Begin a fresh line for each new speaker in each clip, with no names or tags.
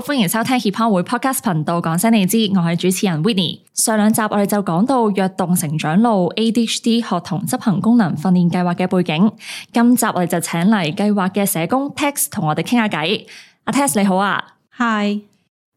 歡迎收聽協康會 podcast 頻道，講聲你知，我係主持人 Winnie。上兩集我哋就講到躍動成長路 ADHD 學童執行功能訓練計劃嘅背景，今集我哋就請嚟計劃嘅社工 Tes 同我哋傾下偈。阿 Tes 你好啊，Hi。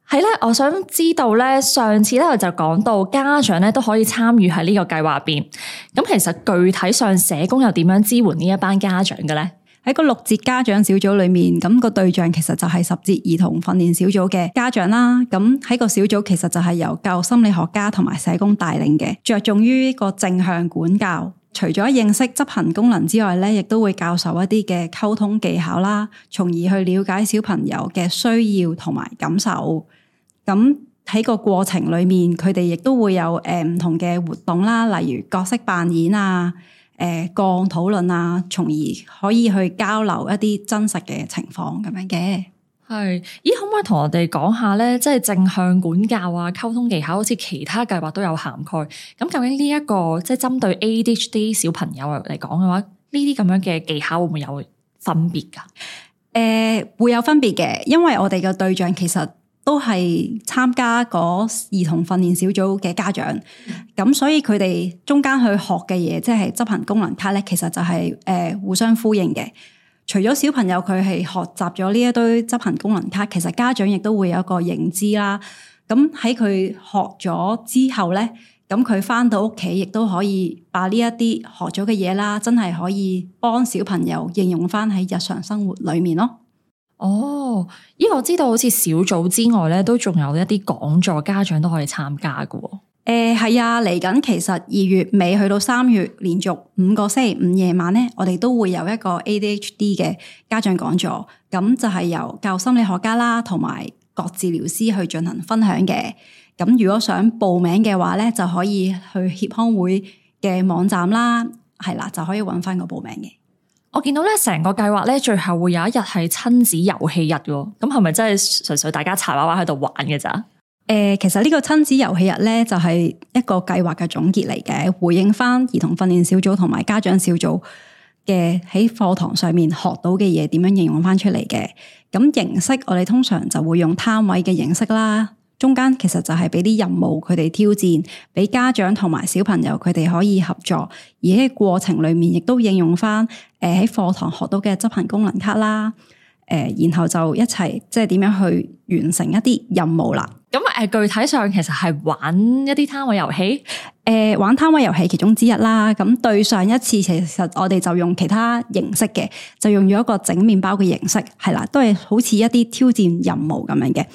係咧，我想知道咧，上次咧我就講到家長咧都可以參與喺呢個計劃邊，咁其實具體上社工又點樣支援呢一班家長嘅咧？喺個六節家長小組裏面，咁個對象其實就係十節兒童
訓練小組嘅家長啦。咁喺個小組其實就係由教育心理學家同埋社工帶領嘅，着重於一個正向管教。除咗認識執行功能之外咧，亦都會教授一啲嘅溝通技巧啦，從而去了解小朋友嘅需要同埋感受。咁喺個過程裏面，佢哋亦都會有誒唔同嘅活動啦，例如角色扮演啊。誒，個案討論啊，
從而可以去交流一啲真實嘅情況咁樣嘅。係，咦，可唔可以同我哋講下呢？即係正向管教啊，溝通技巧，好似其他計劃都有涵蓋。咁究竟呢、這、一個即係針對 ADHD 小朋友嚟講嘅話，呢啲咁樣嘅技巧會唔會有分別噶？
誒、呃，會有分別嘅，因為我哋嘅對象其實。都係參加過兒童訓練小組嘅家長，咁、嗯、所以佢哋中間去學嘅嘢，即係執行功能卡咧，其實就係、是、誒、呃、互相呼應嘅。除咗小朋友佢係學習咗呢一堆執行功能卡，其實家長亦都會有一個認知啦。咁喺佢學咗之後咧，咁佢翻到屋企亦都可以把呢一啲學咗嘅嘢啦，真係可以幫小朋友應用翻喺日常生活裏面咯。哦，依個我知道，好
似小組之外咧，都仲有一啲講座，家長都可以參加嘅。
誒、欸，係啊，嚟緊其實二月尾去到三月，連續五個星期五夜晚咧，我哋都會有一個 ADHD 嘅家長講座，咁就係由教育心理學家啦，同埋各治療師去進行分享嘅。咁如果想報名嘅話咧，就可以去協康會嘅網站啦，係啦、啊，就可以揾翻個報名嘅。
我見到咧，成個計劃咧，最後會有一日係親子遊戲日嘅，咁係咪真係純粹大家柴娃娃喺度玩嘅咋？
誒、呃，其實呢個親子遊戲日咧，就係一個計劃嘅總結嚟嘅，回應翻兒童訓練小組同埋家長小組嘅喺課堂上面學到嘅嘢，點樣應用翻出嚟嘅。咁形式，我哋通常就會用攤位嘅形式啦。中間其實就係俾啲任務佢哋挑戰，俾家長同埋小朋友佢哋可以合作，而喺過程裏面亦都應用翻，誒，喺課堂學到嘅執行功能卡啦，誒、呃、然後就一齊即係點樣去完成一啲任務啦。咁誒，具體上其實係玩一啲攤位遊戲。誒、呃，玩攤位遊戲其中之一啦。咁對上一次，其實我哋就用其他形式嘅，就用咗一個整麵包嘅形式，係啦，都係好似一啲挑戰任務咁樣嘅。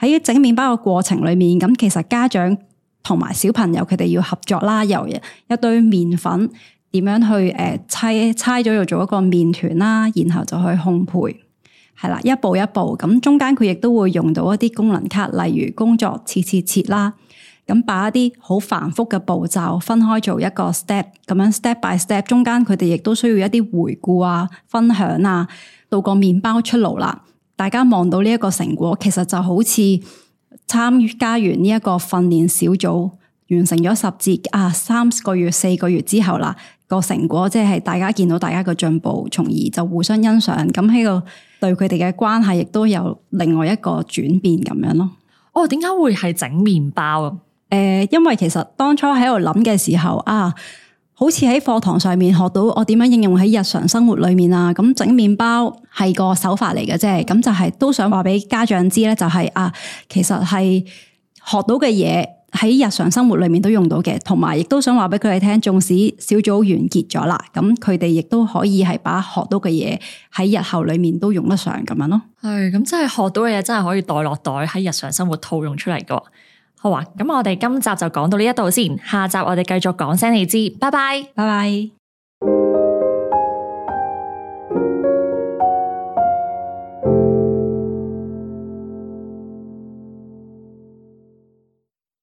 喺整麵包嘅過程裏面，咁其實家長同埋小朋友佢哋要合作啦。由一堆麵粉點樣去誒猜、呃、拆咗，要做一個麵糰啦，然後就去烘焙，係啦，一步一步。咁中間佢亦都會用到一啲功能卡，例如工作切切切啦。咁把一啲好繁複嘅步驟分開做一個 step，咁樣 step by step，中間佢哋亦都需要一啲回顧啊、分享啊，到個麵包出爐啦。大家望到呢一個成果，其實就好似參加完呢一個訓練小組，完成咗十節啊，三個月、四個月之後啦，個成果即係大家見到大家嘅進步，從而就互相欣賞。咁喺個對佢哋嘅關係，亦都有另外一個轉變咁樣咯。哦，點解會係整麵包啊？誒、呃，因為其實當初喺度諗嘅時候啊，好似喺課堂上面學到我點樣應用喺日常生活裏面啊，咁整麵包係個手法嚟嘅啫，咁、嗯、就係、是、都想話俾家長知咧、就是，就係啊，其實係學到嘅嘢喺日常生活裏面都用到嘅，同埋亦都想話俾佢哋聽，縱使小組完結咗啦，咁佢哋亦都可以係把學到嘅嘢喺日後裏面都用得上咁樣咯。
係，咁真係學到嘅嘢真係可以袋落袋喺日常生活套用出嚟噶。好啊，咁我哋今集就講到呢度先，下集我哋繼續講聲你知，拜拜，拜拜。